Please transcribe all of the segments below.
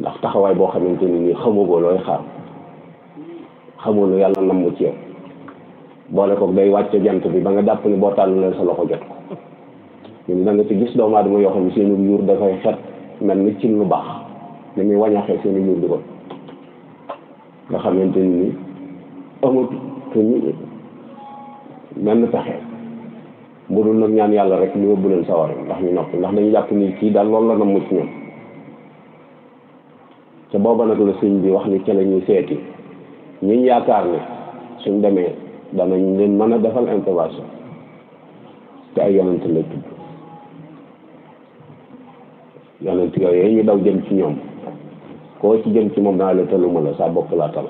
ndax taxawaay boo xamante ni nii xamugoo looy xaar xamoo yàlla nam mu ci yow boole ko day wàcce jant bi ba nga jàpp ni boo tàllu leen sa loxo jot ko ñun nga ci gis doomu aadama yoo xam ne seeni yuur dafay xet mel ni cin lu baax ni muy wañaxee seeni yuur di ko nga xamante ni ni amatuñu menn pexe bu dul nag ñaan yàlla rek ñu yóbbu leen sawar ndax ñu noppi ndax dañu jàpp nii kii daal loolu la nam mu ci ñoom te booba nag la sëñ bi wax ni ca la ñuy seeti ñiñ yaakaar ne suñ demee danañ leen mën a defal intervention te ay yonent la tudd yonent yooyu ñu daw jëm ci ñoom koo ci jëm ci moom naa la taluma la saa bopp laa tal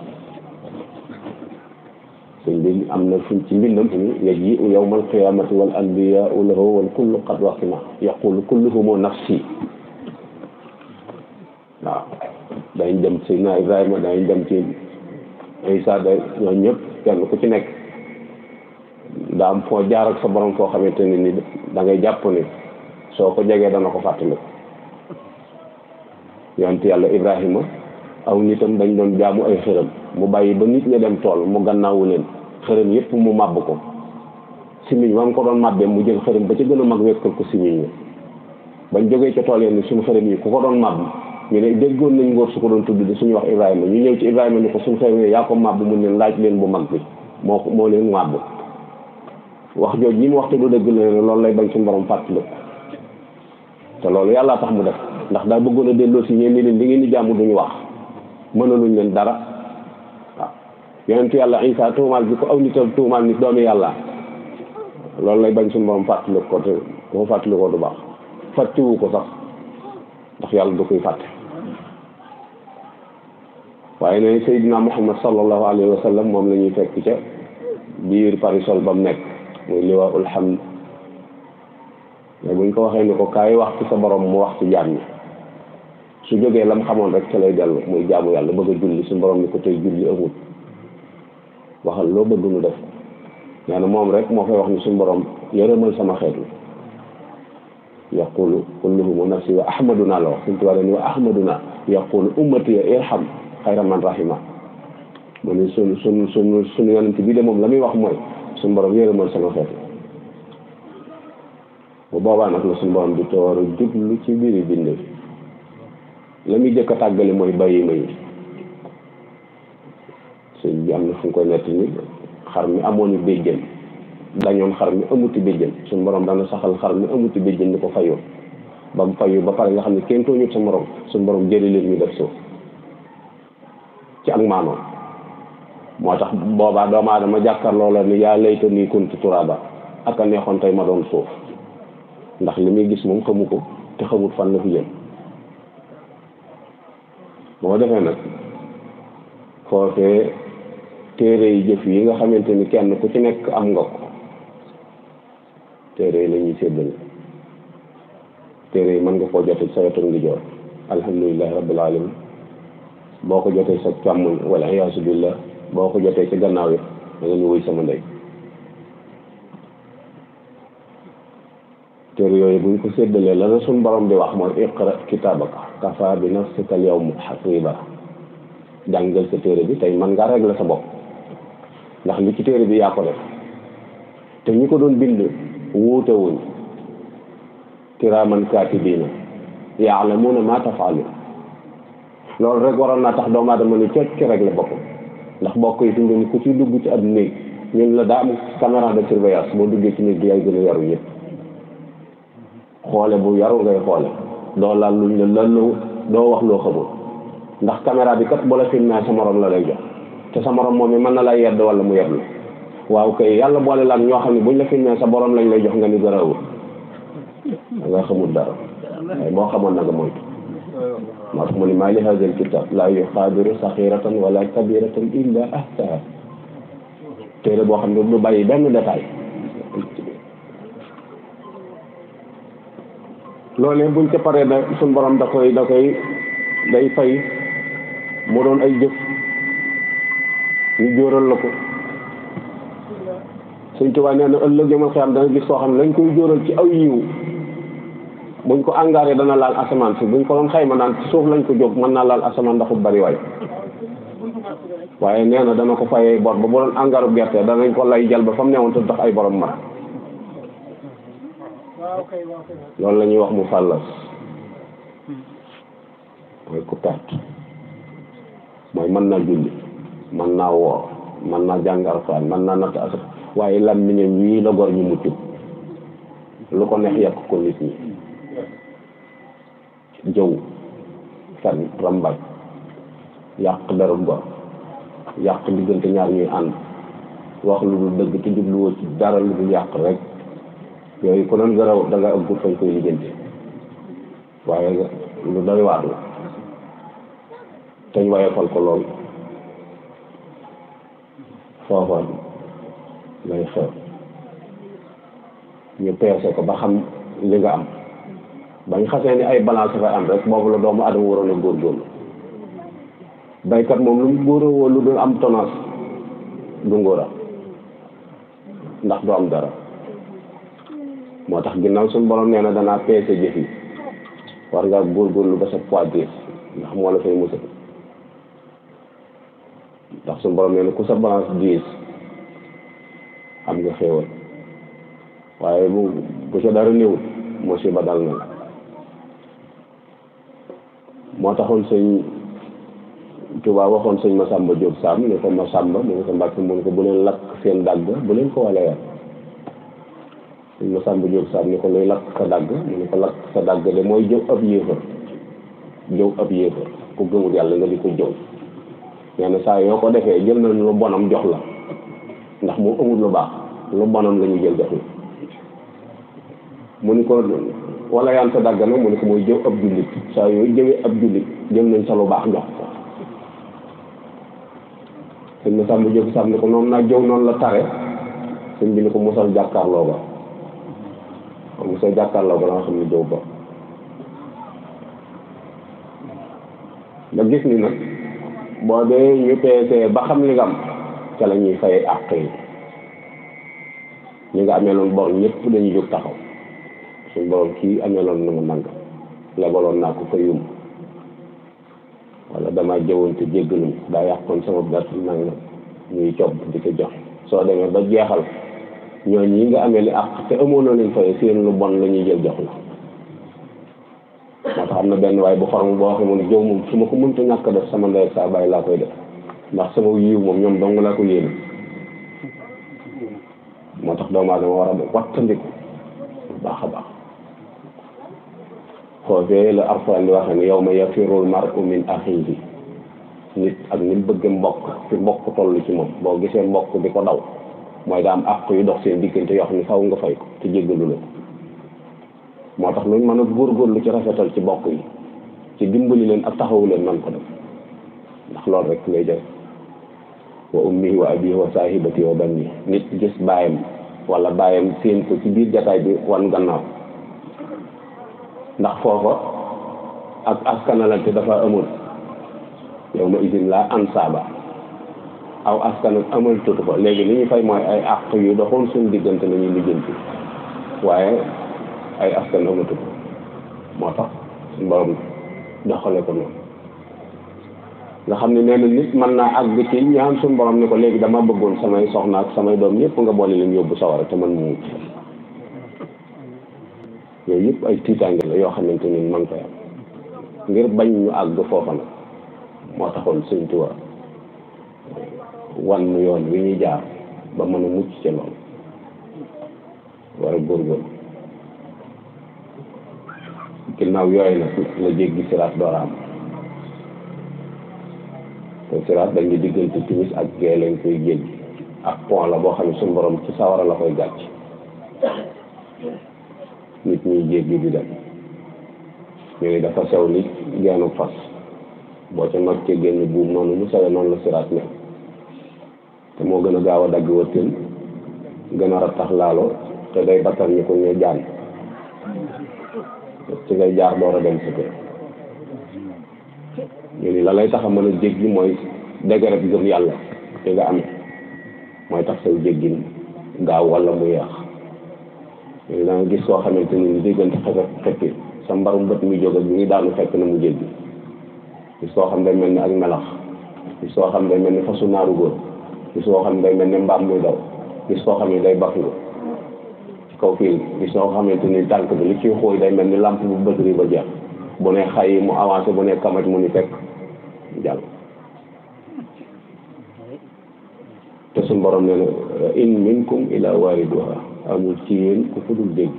sëñ bi am na fuñ ci mbindam ni yaji u yawma alqiyamati wal anbiyau lahu wal kullu qad waqima yaqulu kulluhumu nafsi dañ dem na ibrahima dañ dem ci isa da ñoo ñëpp kenn ku ci nekk da am foo jaar ak sa borom foo xamanteni ni da ngay jàpp ni soo ko jegee dana ko fàttali yonte yàlla ibrahima aw nitam dañ doon jaamu ay xërëm mu bàyyi ba nit ña dem tool mu gannaawu leen xërëm yépp mu màbb ko simiñ wam ko doon màbbee mu jël xërëm ba ci gën a mag wekkal ko simiñ bañ jógee ca tool yenn ya suñu xërëm yi ku ko doon màbb ñu ne déggoon nañ ngóor su ko doon tudd di suñu wax Ibrahima ñu ñëw ci Ibrahima ni ko suñ xewee yaa ko màbb mu ne laaj leen bu mag bi moo ko moo leen màbb wax jooju ñi mu wax te du dëgg la loolu lay bañ suñ borom fàttali te loolu yàlla tax mu def ndax daa bëggoon a delloo si ñeen ni leen li ngeen di jàmm duñu wax mënaluñ leen dara waaw yonentu yàlla Isa tuumaal bi ko aw nitam tuumaal ni doomi yàlla loolu lay bañ suñu borom fàttali ko te ko fàttali ko du baax fàttiwu ko sax ndax yàlla du koy fàtte waaye nee na Muhammad sallallahu alayhi wa sallam moom la ñuy fekk ca biir parisol ba mu nekk muy liwaul hamd mais buñ ko waxee ni ko kaay wax ci sa borom mu wax ci jaam su jógee lam xamoon rek ca lay dellu muy jaamu yàlla bëgg a julli su borom ni ko tey julli amul waxal loo bëgg nu def nee na moom rek moo koy wax ni borom yërëmal sama yaqulu kulluhum nafsi wa ahmaduna la ya, wax suñ wa ahmaduna yaqulu ummati irham khairan man rahima mo ni sun sun sun sunu yonent bi de mom lamuy wax moy sun borom mo sama xeet bu baba nak la sun borom di toor jublu ci biir bindé lamuy jëk jëkk moy bayyi may ci yam na fu ko net ni xar mi bejjel béjjën dañoon xar mi amuti bejjel sun borom dana saxal xar mi amuti bejjel ni ko fayo bam fayu ba pare nga xamni kento ñu tooñut morom borom jëlé leen ñu def suuf ci ak maanoom moo tax boobaa doomu aadama jàkkarloo la ni yaa layta nii kuntu turaaba ak a neexoon tey ma doon suuf ndax li muy gis moom xamu ko te xamut fan la fi jëm boo defee nag foofee téere yi jëf yi nga xamante ni kenn ku ci nekk am nga ko téere yi la ñuy séddale téere yi mën nga koo jote sa wetu ngi joor alhamdulilahi rabbil alamin boko ko sa càmmoñ wala ayaasu billah boko ko ci gannaaw yi da nga ñu wuy sama ndey téere yoy bu ko séddalee la na suñ borom di wax mooy iqra kitabaka kafa bi nafsika al yawm hasiba jàngal sa téré bi tay man nga la sa bok ndax li ci téré bi ya ko def te ñi ko doon bind wuute wuñ kiraaman kaatibiina yaalamuuna ma tafaalu loolu rek waral na tax doom aadama ni cocc rek la bokk ndax bokk yi fi mu ku ci dugg ci ad néeg ñun la daam am caméra de surveillance bo duggé ci néeg bi yaay gëna yaru yépp xoole bu yaru ngay xoole doo laal luñ la lallu do wax lo xamul ndax caméra bi kat bo la filmé sa morom la lay jox te sa morom momi man na la yedd wala mu yedd waaw kay yalla bo la lan ño xamni buñ la filmé sa borom lañ lay jox nga ni garawul nga xamul dara mo xamone nga moytu مضمون ما لهذا الكتاب لا يغادر صغيرة ولا كبيرة إلا أحصاها téere boo xam ne du bàyyi benn détail loolee buñ ca paree da suñ borom da koy day fay mu doon ay jëf ñu jóoral la ko suñ tubaab nee na ëllëg jamal xiyam dana gis soo xam ne lañ koy jóoral ci aw yiw buñ ko engrais dana laal asamaan si buñ ko doon xayma naan suuf lañ ko jóg mën naa laal asamaan ndax bari waay waaye nee na dana ko fayee bor ba bu doon engrais gerte danañ ko lay jël ba fa mu newoon te tax ay borom mar loolu la ñuy wax mu fàllas mooy ku perte mooy mën naa julli mën naa woor mën naa jàng alxuraan mën naa natt asaka waaye lam mi ñoom ñu mucc lu ko neex yàq ko nit ñi jëw fen rambaj yàq darab ba yàq diggante ñaar ñuy ànd wax lu dul dëgg te jubluwoo ci dara lu dul yàq rek yooyu ku doon garaw da nga am pour fañ koy liggéente waaye lu doy waar la teñ wayefal ko lool foofa lay xew ñu peese ko ba xam li nga am ba ñu xasee ni ay balance fay am rek boobu la doomu adama waroon a góorgóorlu baykat moom lu mu góoroo woon dul am tonnage du ndax du am dara moo tax ginnaaw suñu borom nee na danaa peese war ngaa góorgóorlu ba sa poids ndax moo la fay musal ndax suñu borom nee na ku sa balance diis am nga xéewal waaye bu bu sa dara néewul musiba dal na la moo taxoon sëñ Tuubaa waxoon sëñ Masamba Diop Samb ne ko Masamba mu ne ko Mbàkke mu ne ko bu leen lakk seen dàgg bu leen ko waleer sëñ Masamba Diop Samb ni ko luy lakk sa dàgg mu ne ko lakk sa dàgg de mooy jëw ab yéefar jëw ab yéefar ku gëmul yàlla nga di ko jëw nee saa yoo ko defee jël nañ lu bonam jox la ndax mu amul lu baax lu bonam lañuy jël jox la mu ni ko wala yaan sa dàggal mu ne ko moy jëw ab julit sa yoy jëwé ab julit jëm nañ sa lu baax jox sen na tambu sàmm jóg ne ko non na jëw non la tare sen bi ne ko jakar lo ba sa jakar lo ba la nga xam ne jëw ba da gis ni nak bo dé ñu peesee ba xam li nga ca lañuy fayé fay àq ñi nga bor ñepp dañuy jox taxaw suñ borom kii ameloon na ma nangam lebaloon naa ko fa damaa jëwoon te jéggalum daa yàqoon sama ber nangam ñuy cob jox soo demee ba jeexal ñooñu yi nga amee li àq te amoon na luñ fay seen lu la ñuy jël jox na benn waaye bu xorom boo xam su ma ko mënta ñàkk def sama ndey saa bàyyi laa koy def ndax sama yiw moom ñoom dong laa ko yéene moo tax doomu aadama war a wattandiku baax a baax foofee la alxuraan di waxe ne yow ma yafirul mar'u min axiihi nit ak ni mu bëgg mbokk fi mbokk toll ci moom boo gisee mbokk di ko daw mooy daa am àq yu dox seen diggante yoo xam ne faw nga fay ko te jéggalu la moo tax luñ mën a góorgóorlu ci rafetal ci mbokk yi ci dimbali leen ak taxawu leen man ko def ndax loolu rek ngay def wa ummihi wa abihi wa saahibati wa banni nit gis baayam wala baayam seen ko ci biir jataay bi wan gannaaw ndax foofa ak askanalante dafa amul yow ma isin laa ansaaba aw askan ak amal tutu fa léegi li ñu fay mooy ay àq yu doxoon suñu diggante la ñuy lijjanti waaye ay askan amatu ko moo tax suñu borom doxale ko xam ne nee na nit man naa àgg ci ñaan suñu borom ne ko léegi dama bëggoon samay soxna ak samay doom yëpp nga boole leen yóbbu sawara te man mu mucc yooyu yépp ay tiitaange la yoo xamante ni ma ngi koy am ngir bañ ñu àgg foofa nag moo taxoon Sëñ Tuubaa wan yoon wi ñuy jaar ba mën a mucc ci loolu war a góorgóorlu ginnaaw yooyu nag la jéggi siraat door am te siraat dañuy diggante timis ak gee lañ koy jéggi ak pont la boo xam ne suñu borom ci sawara la koy gàcc ñuy jéggi di dem yooyu dafa sew ni geenu fas boo ca mag ci génn buub noonu mu sawee noonu la siraat mel te moo gën a gaaw a dagg wërteel gën a rattax laalo te day battal ñu ko ñu jaan ci ngay jaar door a dem si kër ñu la lay tax a mën a jéggi mooy dëgërëb gëm yàlla te nga amee mooy tax say jéggin gaaw wala mu yeex da nga gis koo xamante ni déggante xasee fekk sa mbaru mbët muy jóg ak bi muy daanu fekk na mu jéggi gis koo xam day mel ni ak melax gis koo xam day mel ni fasu naaru góor gis koo xam day mel ni mbaam muy daw gis koo xam ne day baflu ci kaw fii gis koo xamante ni tànk bi li ciy xóoy day mel ni lampe bu bëtri ba jeex bu ne xay mu avancé bu ne kamaj mu ni fekk jàll te suñu borom nee na in minkum ila waariduha amul ci yéen ku ko dul dégg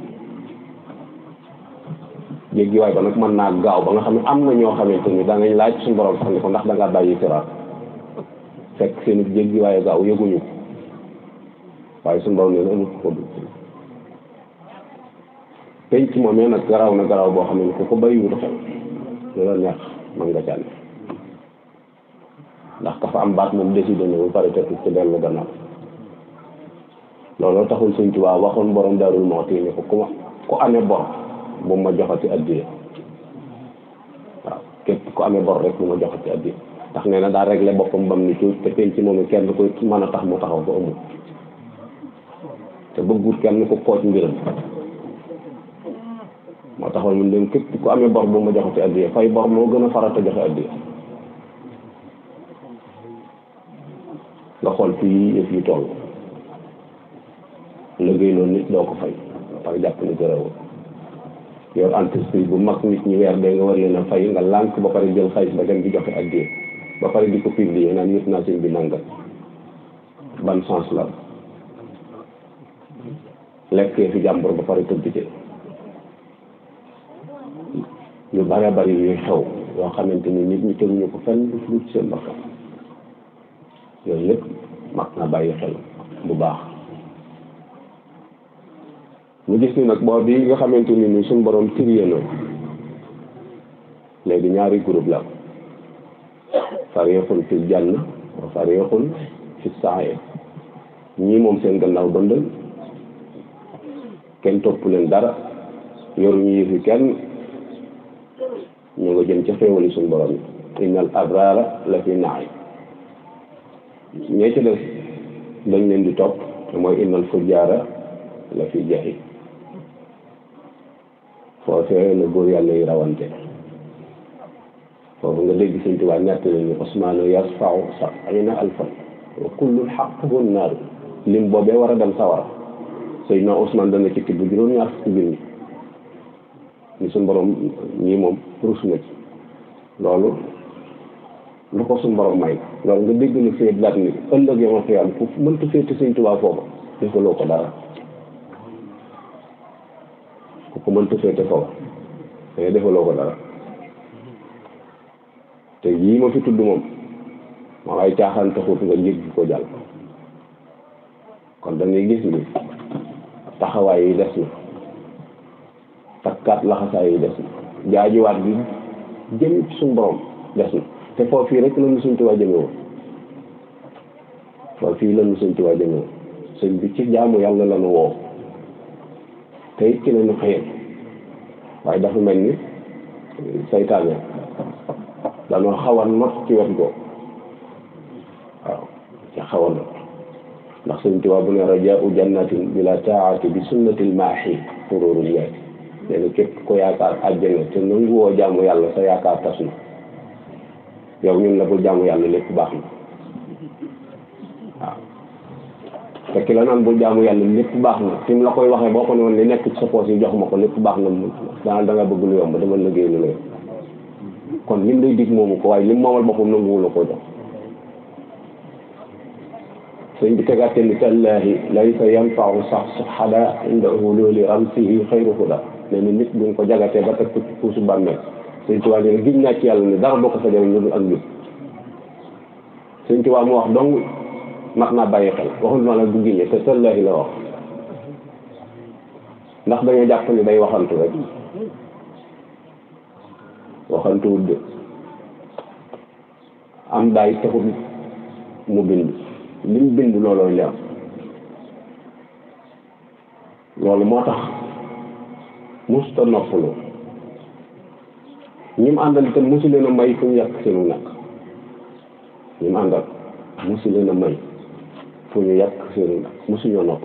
dégg ba nag mën naa gaaw ba nga xam ne am na ñoo xamante ni dangay laaj suñ borom sax ni ko ndax da ngaa bàyyi siraat fekk seen dégg waaye gaaw yëguñu waaye suñ borom nee na amul ko dul nag garaaw na garaaw boo xam ne ku ko bàyyiwul xel lu la neex mën nga cànne ndax ka am baat moom décidé na bu pare te ci dellu gannaaw looloo taxul sëñ Tuubaa waxoon borom Daarul Muxti ni ko ku ma ku amee bor bu ma joxati addiya waaw képp ku amee bor rek ma joxati addiya ndax nee na daa réglé boppam bam ni ci te penc moom kenn ko mën a tax mu taxaw ba amul te bëggut kenn ko pooj mbiram moo taxoon mun dem képp ku amee bor bu ma jox joxati addiya fay bor moo gën a farata joxe addiya nga xool fii yëf yi toll liggéey loolu nit doo ko fay tax jàpp ni gërëwul yor entreprise bu mag nit ñi weer dee nga war leen a fay nga lànk ba pare jël xaalis ba dem di joxe ak ba pare di ko publier naan nit naa seen bi nangam ban sens la lekkee fi jàmbur ba pare tëdd di yu bare bari yuy xew yoo xamante ni nit ñi teguñu ko fenn lu ci seen bakkan yooyu lépp mag na bàyyi xel bu baax ñu gis ni nag boor bi nga xamante ni ni suñ borom trié na léegi ñaari groupe la fariqun fil janna wa fariqun fi saaya ñii moom seen gannaaw dëndal kenn topp leen dara yoruñu yëfi kenn ñu nga jëm ca xéewali suñ borom yi innal la fi naay ñee ci def dañ leen di topp te mooy innal fujjaara la fi jaxi foofee la góor yàlla yi rawante foofu nga dégg sëñ Tuubaa nett nañu Usmaanu yarfau sabina alfan wa kullu xaqun naaru lim boobee war a dem sawara Seydina Usmaan dana ci tibb juróom-ñaar fukki junni ni suñ borom ñii moom rus na ci loolu lu ko suñ borom may loolu nga dégg ni féet daat ni ëllëg yoon xiyam ku mënta féete sëñ Tuubaa foofu ñu ko dara ku mënta féete kaw mais eh, defaloo ko dara te yii ma fi tudd moom moom ay caaxaan taxut nga njëg ko jàll kon dangay gis ni taxawaay yi des na takkaat laxasaay yi des na jaajuwaat bi jëm ci borom des na te foofu fii rek la ñu suñ tubaab jëme woon foofu fii la ñu suñ tubaab jëme woon sëñ bi ci jaamu yàlla la nu woo te it ci la ñu xëyee dafa melni ni ya da xaw a not ci wet go waaw ci xaw ndax suñ tubaab bu raja u jannatin bila taati bi sunnatil maaxi xuruurul yaati nee na kep ko yaakar àjjana te nangu wo jamu yàlla sa yaakar tasu yow ñun la bu jamu yàlla lépp baax na waaw te ki la naan bu jaamu yàlla lépp baax na fi mu la koy waxee boo ko noonu li nekk ci sa poos yi jox ma ko lépp baax na mu daanal da nga bëgg lu yomb dama liggéey lu lay kon lim lay dig moomu ko waaye lim moomal boppam nanguwu la koo jox sëñ bi tegaat ni tallahi laysa yanfau sax hada inda hululi ramsihi xayru huda nee na nit buñ ko jagatee ba teg ci puusu bàmmeel sëñ Tuubaa nee giñ naa ci yàlla ne dara boo ko fa jëriñ lu dul ak ñu sëñ Tuubaa mu wax dong max naa bàyyi xel waxul ma la du génne te sallaahi la wax ndax dañoo jàpp ni day waxantu rek waxantuwul de am daay taxul mu bind lim bind looloo leer loolu moo tax musta noppalu ñi mu àndal itam mosu leen may fu ñu yàq seenu nag ñi àndal mosu leen may fu ñu yàq seen mosuñoo nopp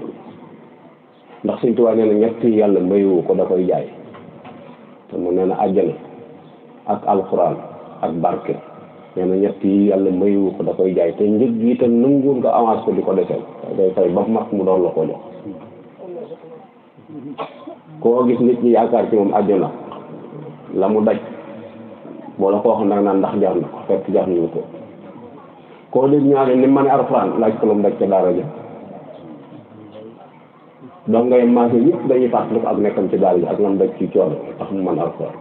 ndax suñ tuwaa nee na ñett yàlla mayu ko da koy jaay te mu neena aljana ak alquran ak barke neena ñett yi yàlla mayu ko da koy jaay te njëg gi itam nangu nga avance ko di ko day fay ba mak mu doon la ko jox ko gis nit ñi yaakar ci mom aljana la mu daj boo la ko wax nak na ndax jar na ko fekk jar ñu ko ko leen ñaare ni man arfan laaj ko lom dacc ca daara ja do ngay maase yépp dañuy lu ak nekkam ci daara yi ak lam dacc ci ciol tax mu man arfan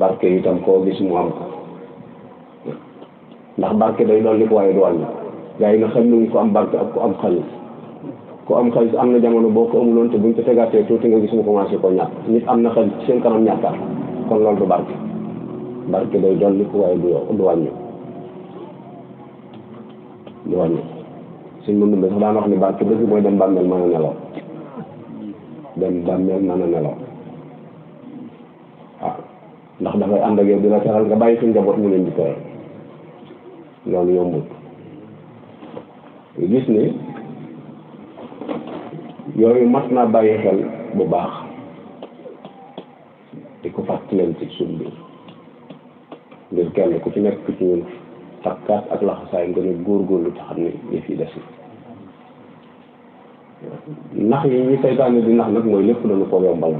barké itam ko gis mu am ko ndax barké day dolli ko way doon gaay nga xam ne ko am barké ak ko am xal ko am xal am na jamono boko amul won te buñ ko tegaatee tuuti nga gis mu commencé ko ñatt nit am na xalis seen kanam ñàkkaat kon lool du barké barké day dolli ko way du yow du di wàññi suñ mën sax daan wax ni barke dëgg mooy dem bàmmeel mën a nelaw dem bàmmeel mën a nelaw ndax dafay ànd ak yow di la nga bàyyi suñ njaboot mu leen di teral loolu yombut gis ni yooyu mat naa bàyyi xel bu baax di ko fàttali leen ci suñ bi ngir kenn ku ci nekk ci ñun takkat ak la nga ne góorgóorlu te lu ne ni ni fi dess nax yi ñu seytaane di nax nak moy lepp lañu ko yombal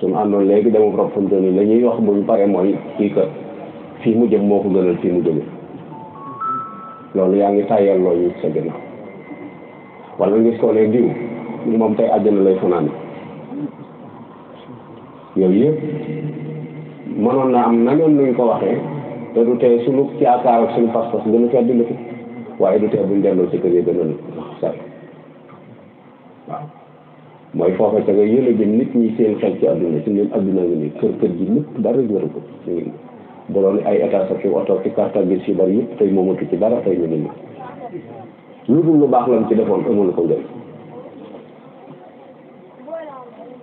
sun andon legi dama rob fu mu la ñuy wax bu ñu paree mooy kii que fii mu jëm moko gënal fi mu jëm lolu ya ngi tayal loo ñu sa gëna wala nga gis ko ne diw moom tey àjjana lay fanaan yoy yëpp manon na am naneen ñu ko waxe te du tey suñu ak suñu pas-pas gën a fedd ko waaye du tey buñ delloo ci kër yi gënoon sal waaw mooy foofa ca nga yële jëm nit ñi seen xel ci àdduna ci ñun àdduna ngi nii kër kër lépp dara jëru ko ñu bu doon ay état sa fi oto ci carte gis ci bari yëpp tey moomatu ci dara tey ñu lu dul iya, lu baax ci defoon amul ko njëriñ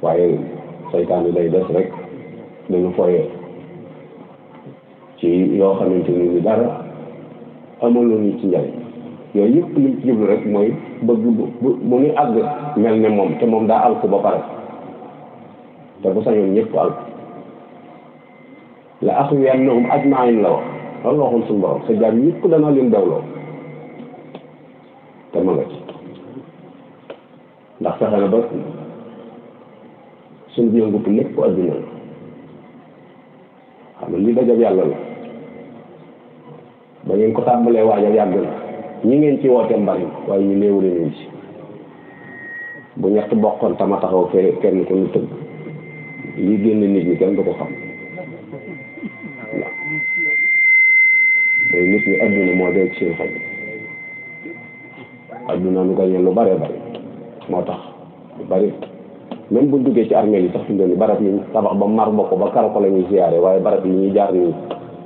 waaye saytaan day des rek dañu foyee yoo xamante ni dara amuloo ñu ci njariñ yooyu yëpp liñ ci jublu rek mooy bëgg bu bu muy àgg mel ne moom te moom daa alku ba pare te bu sañoon ñëpp alku la axwiyannahum ajmain la wax loolu waxoon suñu borom sa jaam ñëpp leen dawloo te mën nga ci na lépp adduna la xam nga li dajab yàlla la ba ngeen ko tàmbalee waaj a yàgg na ñi ngeen ci woote mbari waaye ñu néew la ñu ci bu ñett bokkoon tama taxaw fee kenn ku tëgg lii génn nit ñi kenn du ko xam moo day nit ñi adduna moo dee ci seen xel adduna nu gañe lu bare bari moo tax lu bari même bu duggee ci armée yi sax fi mu barab yi tabax ba mar bokk ba karo ko la ñuy siyaare waaye barab yi ñuy jaar nii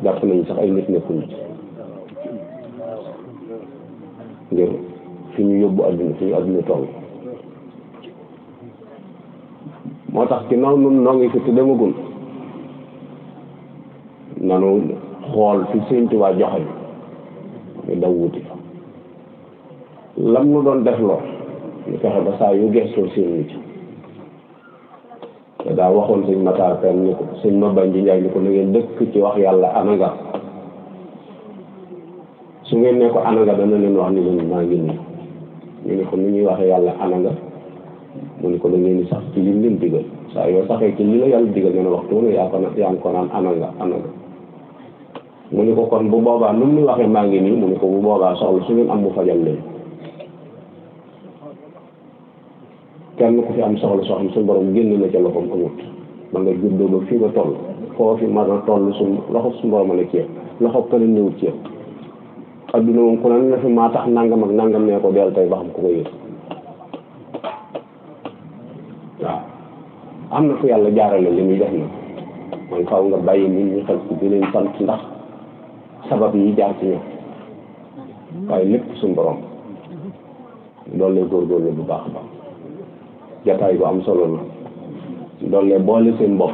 jàpp nañu sax ay nit nekkuñu ci ngir fi ñu yóbbu adduna fi ñu adduna toll moo tax ci noonu nun noo ngi fi te demagul nanu xool fi Sëñ Tuubaa joxe ñu daw wuti fa lam nu doon def loo ñu fexe ba saa yu gestoo seen nit te daa waxoon sëñ Matar Pène ni ko sëñ ma bañ ji njaay ni ko na ngeen dëkk ci wax yàlla ana su ngeen ne ko ananga dana leen wax ni leen maa ngi nii ñu ne ko ni ñuy waxee yàlla ananga mu ne ko da ngeen sax ci li leen digal saa yoo saxee ci li la yàlla digal nga ne waxtu wu ne yaa ko yaa ngi ko naan ananga ananga mu ne ko kon bu boobaa nu mu waxee maa ngi nii mu ne ko bu boobaa soxla su ngeen am mu fajal leen kenn ku fi am soxla soo xam suñ borom génn na ca loxoom amut ba nga juddoo ba fii ba toll foo fi a toll suñ loxo suñ borom la ci loxo keneen ñëwut ci adduna moom ku ne na fi maa tax nangam ak nangam nee ko del tey ba xam ku ko yëg waaw am na fu yàlla jaarale li muy def na man faaw nga bàyyi nit ñu xel di leen sant ndax sabab yi jaar ci ñoom waaye lépp suñu borom dool lee góorgóorlu bu baax a baax jataay bu am solo la dool lee boole seen bopp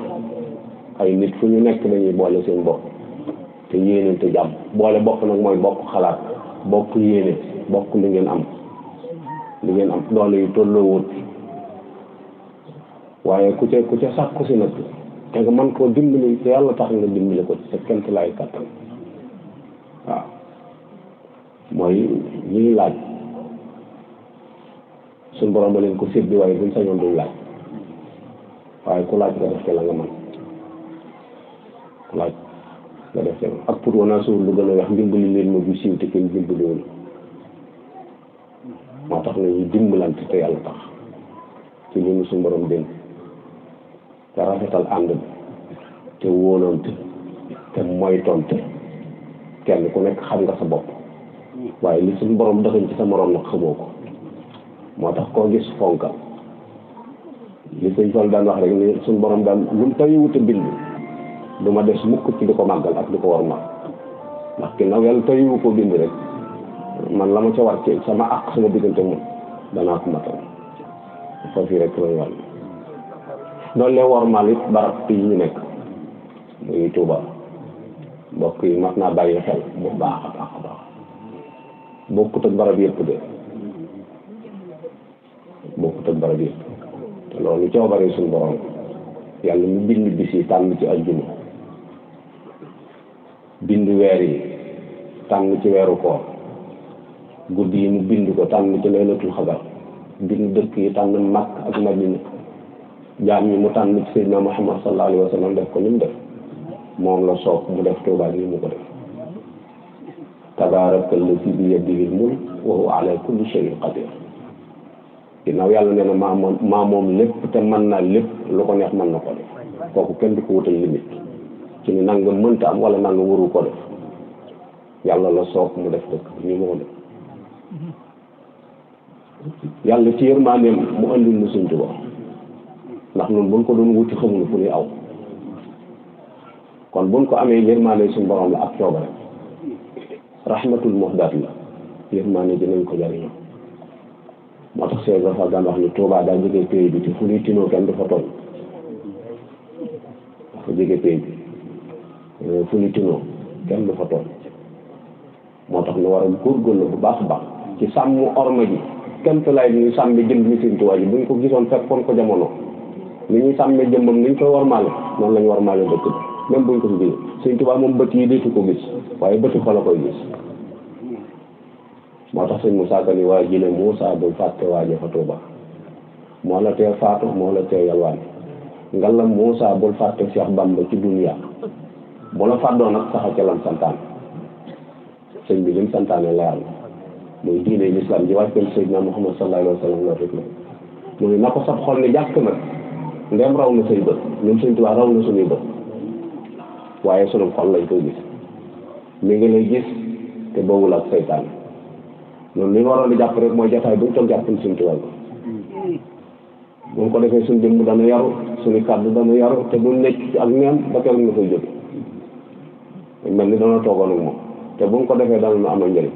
ay nit fu ñu nekk dañuy boole seen bopp te yéenente jàmm boole bok nag mooy bokk xalaat bokk yéene bokk li ngeen am li ngeen am doole yu tolloo wut waaye ku ca ku ca sàkku si nag te nga man koo dimbali te yàlla tax nga dimbali ko ci sa kent laay kàttan waaw mooy ñuy laaj suñ borom ba leen ko séddi waaye buñ sañoon duñ laaj waaye ku laaj nga def te la nga man ku laaj nga def dem ak pour wanaa suur lu gën a wax ndimbali leen ma ju siiw te kenn dimbalewul moo tax nañu dimbalante te yàlla tax ci li ñu suñu borom dénk te rafetal ànd bi te wóolante te moytonte kenn ku nekk xam nga sa bopp waaye li suñu borom dëxañ ci sa morom nag xamoo ko moo tax koo gis fonkal li sëñ Fall daan wax rek ni suñu borom daan lu mu tawi wut a du ma des mukk ci di ko màggal ak di ko war ma ndax ki nag yàlla tëyu ko bind rek man la ma ca war ci sama àq sama diggante moom danaa ko matal foofu rek lañ wàll doon lee wormaal it barab ñu nekk muy Tuuba mbokk yi mat naa bàyyi xel bu baax a baax a baax yëpp de bokkut ak barab yëpp loolu coobare suñu borom yàlla mu bind bis tànn ci àjjuma weer yi tàng ci weeru koor guddi yi mu bind ko tànn ci laylatul xadar bind dëkk yi tàng màkk ak madina jaam yi mu tànn ci seydina muhammad sallallahu alayhi wa sallam def ko ni mu def moom la soob mu def tuubaa ni mu ko def tabaaraka llazi bi yadihi mulk wa huwa ala kulli shay'in qadir ginnaaw yàlla ne na maa moom maa moom lépp te mën naa lépp lu ko neex mën na ko def kooku kenn du ko wutal limite ci ni nangam mënta am wala nangam waru ko def yàlla la soob mu def dëkk ñu moo yàlla ci yërmandeem mu andil ñu suñ tubaab ndax ñun buñ ko doon wuti xamuñu fu ñuy aw kon buñ ko amee yërmande suñ borom la ak coobare rahmatul muhdat la yërmande dinañ ko jariñoo moo tax Seydou Fall daan wax ni Touba daa jege pays bi te fu ñuy tinoo kenn du fa tooñ jege pays bi politinoo eh, kenn du fa toll moo tax nu war a góorgóorlu baax baax ci sàmm orma ji kent lay ñuy sàmm jëm ni seen ji buñ ko gisoon ko jamono ni ñuy sàmm jëmbam ni ñu koy warmaale lañ warmaale dëkk même buñ ko fi seen tubaab moom bët yi ko gis waaye bëti xol a koy gis moo tax sëñ Moussa ne fa la faatu la Cheikh Bamba ci dunia bu la fàddoo nag saxal ca lam santaane sëñ bi lim santaane leer na muy diine lislaam ji wàcceel Seydina Muhammad sallallahu alayhi wa sallam loolu rek la mu ne na ko sab xol ne jàkk nag ndem raw na say bët ñun Sëñ Tuubaa raw na suñuy bët waaye sunu xol lañ koy gis mi ngi lay gis te boowul ak seytaane noonu li ñu waroon jàpp rek mooy jataay buñ toog jàppal Sëñ Tuubaa bi bu ko defee suñ jëmm dana yaru suñu kàddu dana yaru te du nekk ak neen ba keroog na koy jóge mel ni dana toogoon ak moom te bu mu ko defee dana nu amal njëriñ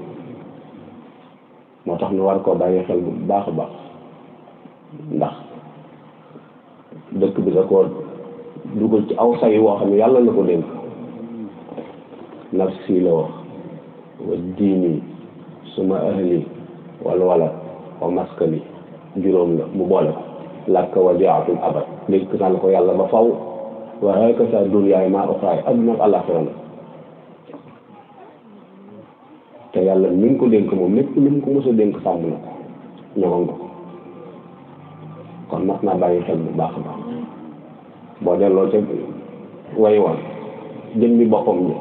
moo tax ñu war koo bàyyi xel bu baax a baax ndax dëkk bi da koo dugal ci aw say woo xam ne yàlla la ko dénk nafsi la wax wa diini suma ahli wal walad wa maskani juróom la mu boole ko lakka wa jaatul abad dénk naa la ko yàlla ba faw wa hakaza dunyaaya maa uxraaya adduna ak àllaaxira la te yalla ni ko denk moom nepp lim ko musa denk sang sàmm na ko ko kon nak na baye xel bu baax ba bo boo delloo ca way wa jeñ bi boppam ni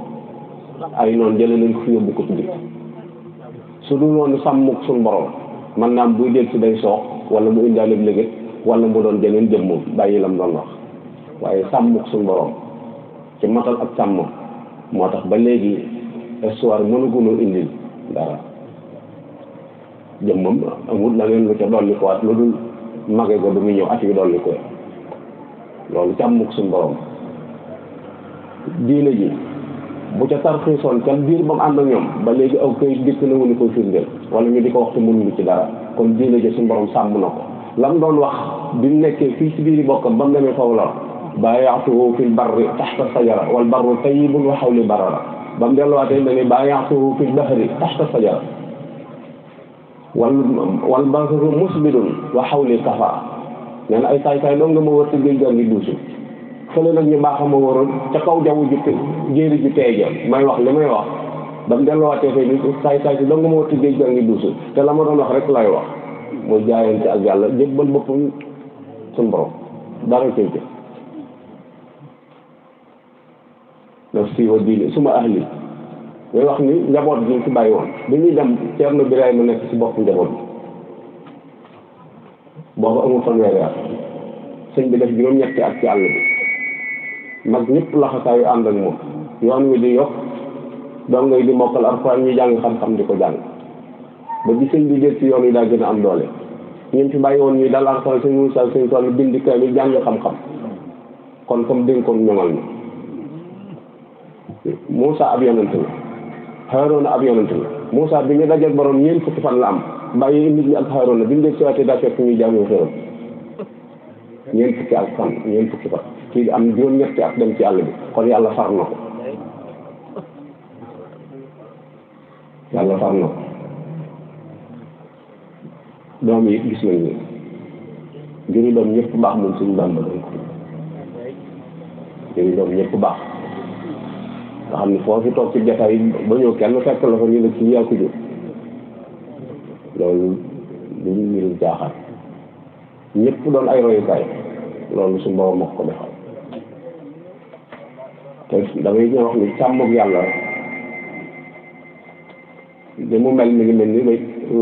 ay non jële lañ ko fi yóbbu ko tuddi su du non sam mu sun borom man naam bu del ci day sox wala mu indaalib legge wala mu doon jeneen jëmm baye lam don wax waye sam mu sun borom ci matal ak sam moo tax ba léegi histoire mënu gunu indil dara jëmmam amul la leen lu ca dolli ko waat lu dul mage ko du muy ñëw at yu dolli ko loolu càmmuk suñu borom diine ji bu ca tarxiisoon ca biir ba mu ànd ñoom ba léegi aw këyit dikk na wuñu koy firndeel wala ñu di ko wax mun mënuñu ci dara kon diine ji suñu borom sàmm na ko lam doon wax bi mu nekkee fii si biir bokkam ba mu demee faw la baayaatuhu fil barri taxta sajara wal tey barru tayyibun wa xawli la ba mu delluwaatee da ngay baayaatu fil bahri tahta sajara wal wal bahru musbidun wa hawli safa nee na ay saay-saay doo nga ma wër ci géej gaa ngi duusu fële nag ñu baax a ma waroon ca kaw jaww ju jéeri ju teeja may wax li may wax ba mu delluwaatee fay ni saay-saay si nga ma wër ci géej gaa ngi duusu te la ma doon wax rek lay wax mooy jaayante ak yàlla jébbal boppam suñu borom dara cay nafsi wa diini suma ahli ñu wax ni njaboot gi ci bàyyi woon bi ñuy dem cerno Ceerno mu nekk si bopp njaboot bi boobu fa fanweeri at sëñ bi def juróom-ñetti at ci àll bi mag ñëpp yu ànd ak moom yoon wi di yokk dong ngay di mokkal alxuraan ñu jàng xam-xam di ko jàng ba bi sëñ bi jël ci yoon yi daa gën a am doole ñun ci bàyyi woon ñuy dal alxuraan sëñ sal sëñ Fall bind kaamil jàng xam-xam kon comme dénkoon ñoŋal na Moussa ab yonent la Haaruna ab yonent la Moussa bi ñu dajeeg borom ñeent fukki fan la am bàyyi nit ñi ak Haaruna bi ñu dee ci waatee daa fekk ñuy jaamu xéram ñeent fukki ak fan ñeent fukki fan kii am juróom-ñetti ak dem ci àll bi kon yàlla far na ko yàlla far na ko doom yi gis nañ ni jëri doom ñëpp baax moom suñu bàmba doon ko jëri doom ñëpp baax xam ne foo fi toog ci jataay yi ba ñëw kenn fekk la fa ñu ne kii yaa ko jur loolu su borom moo te damay ñëw wax ni yàlla de mu mel mi ngi mel ni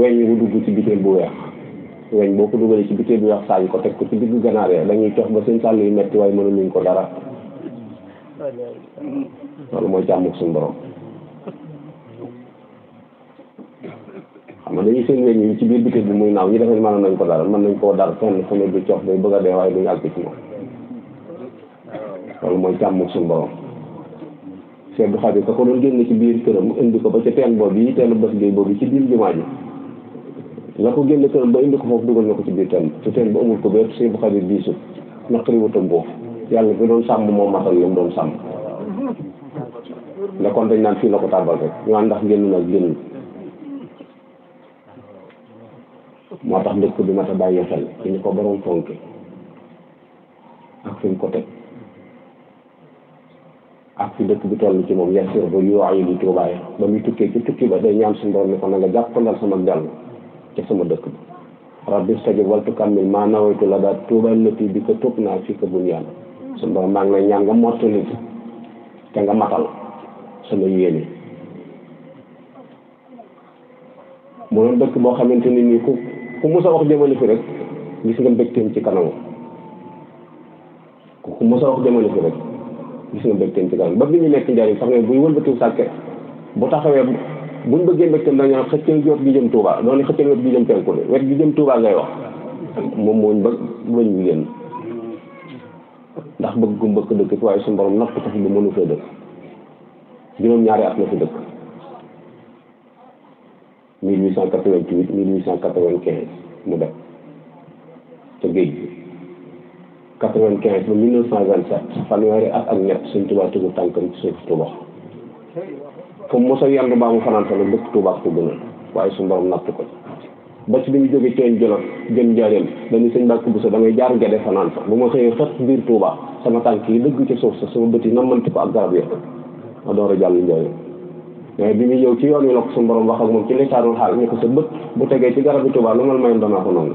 weñ wu dugg ci bu weex weñ boo ko dugalee ci bitéel bu weex saa ko teg ko ci diggu ganaar ya dañuy tox ba seen sàll yu metti waaye mënuluñ ko dara loolu mooy jàmm suñu borom xam nga dañuy seen weñ yi ci biir bitig bi muy naaw ñu defee mën nañ ko daal mën nañ koo daal fenn bu ne du coof day bëgg a dee waaye duñu àgg ci moom loolu mooy jàmm suñu borom Cheikh Abdou Khadir ka ko doon génn ci biir këram indi ko ba ca teen boobu yi teenu bés bi boobu ci biir jumaa ji la ko génn këram ba indi ko foofu dugal na ko ci biir teen ci teen ba amul ko bépp Cheikh Abdou Khadir bii suuf naqari wutam boobu yalla yàlla gënoon sàmm moo matal lu doon sàmm nga kon dañ naan fii la ko tàmbal rek ñu ndax génn na génn moo tax dëkk bi mat a bàyyi xel fi ñu ko borom fonke ak fi ko teg ak fi dëkk bi toll ci moom yasir ba yuwaay bi tuubaay ba muy tukkee ci tukki ba day ñaan suñu borom ne ko na nga jàppandal sama dellu ci sama dëkk bi rabbi stajib wal tukammil ma nawaytu la daal tuubal lati bi ko tub naa fi ko buñ yàlla suñu borom maa ngi lay ñaan nga mottali te nga matal sama yéene mu doon dëkk boo xamante ni nii ku ku mës a wax jëmale fi rek gis nga mbégteem ci kanam ku ku mës a wax jëmale fi rek gis nga mbégteem ci kanam ba bi ñu nekk njariñ sax ne buy wëlbatiw sàkke bu taxawee buñ bëggee mbégteem dañu xëccal gi wet gi jëm Touba doon xëccal wet gi jëm penku wet gi jëm Touba ngay wax moom mooñ ba lañ wi génn ndax bëgg gu mbëkk dëkk waaye su borom natt ko fi bu mënu fee dëkk juróom-ñaari at la fi dëkk 1888 1895 mu dem ca géej gi 95 ba 1927 fanweeri at ak ñett suñ Tuubaa tegu tànkam ci suuf Tuubaa comme mos a yendu baa mu fanaan fa la dëkk ko gënal waaye su borom natt ko ba ci bi ñu jógee ceen jolof jëm njaareem dañu sëñ Mbàkke Buso damay jaar Gede fanaan fa bu ma xëyee xët biir Touba sama tànk yi dëgg ci suuf sa ma bët yi nammante ko ak garab yi ma door a bi muy ñëw ci yoon wi la ko suñu borom wax ak ci lisaanul xaal ñu ko sa bët bu tegee ci garab yi Touba lu mal mayam danaa ko noonu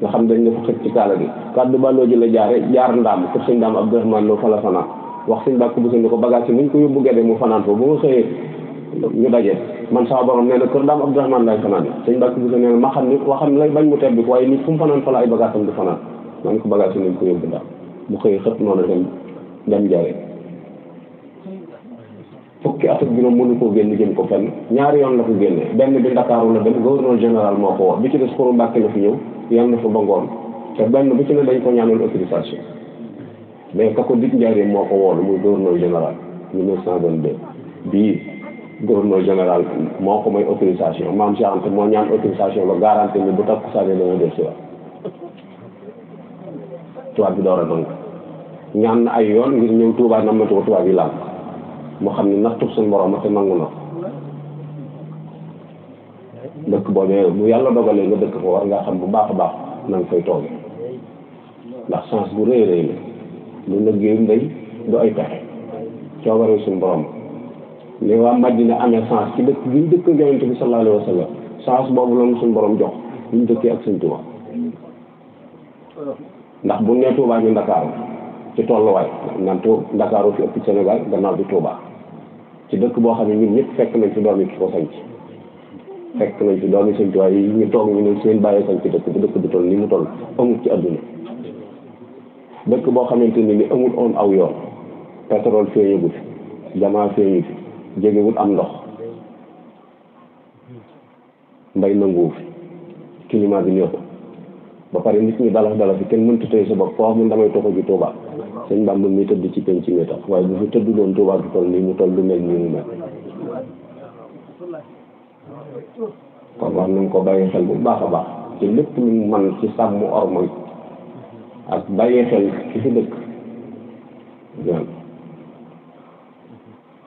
nga xam dañ dafa xëj ci kaala gi kàddu bàlloo ji la jaare jaar ndaam kër sëñ ndaam Abdourahmane Lo fa la fanaan wax sëñ Mbàkke Buso ni ko bagage yi muñ ko yóbbu Gede mu fanaan fa bu ma xëyee ñu daje man sama borom nee na kër daam Abdourahmane lay fanaan sëñ Mbàkke Buso nee na ma xam ni waxam lay bañ mu tebbi ko waaye nit fu mu fanaan fa la ay bagaasam du fanaan man ko bagaas yi nañ ko yóbbu daal bu xëyee xët noonu dem dem jawe fukki at ak juróom mënu koo génn jëm ko fenn ñaari yoon la ko génne benn bi Ndakaaru la dem gouverneur général moo ko wax bi ci des xuru Mbàkke la fi ñëw yem na fa ba ngoon te benn bu ci ne dañ ko ñaanoon autorisation mais ka moo ko woolu muy gouverneur général gouverneur général moo ko may autorisation maam Cheikh Anta moo ñaan autorisation ba garanti ni bu takku saa ne dana def si waat tubaab ñaan na ay yoon ngir ñëw Touba nammatu xam ne nattu suñu borom te nangu na dëkk boobee bu yàlla dogalee nga dëkk fa war ngaa xam bu baax a baax na nga fay toogee ndax chance bu rëy rëy la lu liggéeyu mbay du ay pexe coobaree suñu borom. li wa madina amé chance ci dëkk biñ dëkk yonente bi sallallahu alayhi wasallam sallam bobu boobu la borom jox ñu dëkk ak suñ tuba ndax bu ne tuba ñu ndakaaru ci way naan tu ndakaaru fi ëpp sénégal gannaaw du tuba ci dëkk bo xamni ne ñun ñëpp fekk nañ ci doomi ci ko ci fekk nañ ci doomi suñ tuba yi ñu tok ñu seen baye sañ ci dëkk bu dëkk bi toll ni mu toll amu ci aduna dëkk bo xamanteni ni amul on aw yoon pétrole feeñagut jamaa feeñu fi jegewul am ndox mbay nangou fi climat bi ñoo ba pare nit ñi dalax dalax fi kenn mënta tey sa bopp fo mu ndamay toxo ji toba sëñ Bamba mi tedd ci penc ci metax way bu fi tedd doon toba bi tol ni mu tol lu mel ni mu mel ko ba ñu ko baye xel bu baaxa baax ci lepp lu mu man ci sàmm ormoy ak baye xel ci fi yeah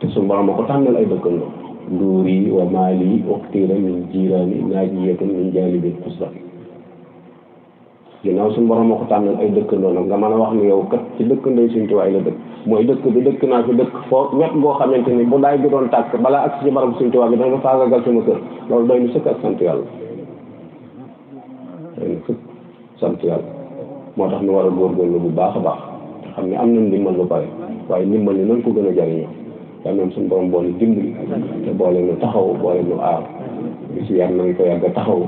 te sun borom moo ko tànnal ay dëkkandoo nduuri wa maali waqtiira min jiiraani naajiyatan min jaalibi xusba ginnaaw sun borom moo ko tànnal ay dëkkandoo nag nga mën a wax ni yow kat ci dëkkandoo suñ tuwaay la dëkk mooy dëkk bi dëkk naa fi dëkk foo wet goo xamante ni bu daay gi doon tàkk balaa ak ci barab suñ tuwaay bi danga faagagal sama kër loolu doy na sëkk ak sant yàlla doy na sëkk sant yàlla moo tax ñu war a góorgóorlu bu baax a baax te xam ne am nañ ndimbal lu pare waaye ndimbal ni nañ ko gën a jariñoo yàlla noonu suñu borom boole dimbali te boole ñu taxaw boole ñu aar bis bi yàlla nañ ko yàgg taxaw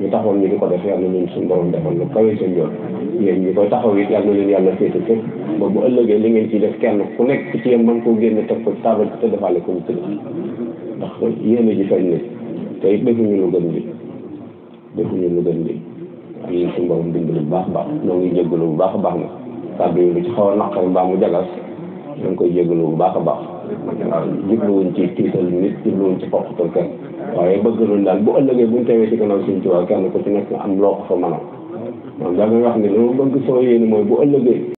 ñu taxawoon ñu di ko def yàlla noonu suñu borom defal lu kawee seen yoon yéen ko taxaw it yàlla yàlla féete fépp ba bu ëllëgee li ngeen ciy def kenn ku nekk ci yéen mën koo génne teg ko taabal ci te defaale ko ñu tëdd ndax yéene ji feeñ na te it defuñu lu gën bi defuñu lu gën bi am nañ suñu borom dimbali bu baax baax ñoo ngi jégalu bu baax a baax na kàddu yi lu ci xaw a naqari mbaa mu ñu koy jégalu bu baax a baax waaw jubluwuñ ci tiital nit jubluwuñ ci foqatal kenn waaye bëgg nañ daal bu ëllëgee buñ tewee ci kanam suñ ci waa kenn ku ci nekk am loo ko fa mën a moom da wax ne li ma bëgg sama yéene mooy bu ëllëgee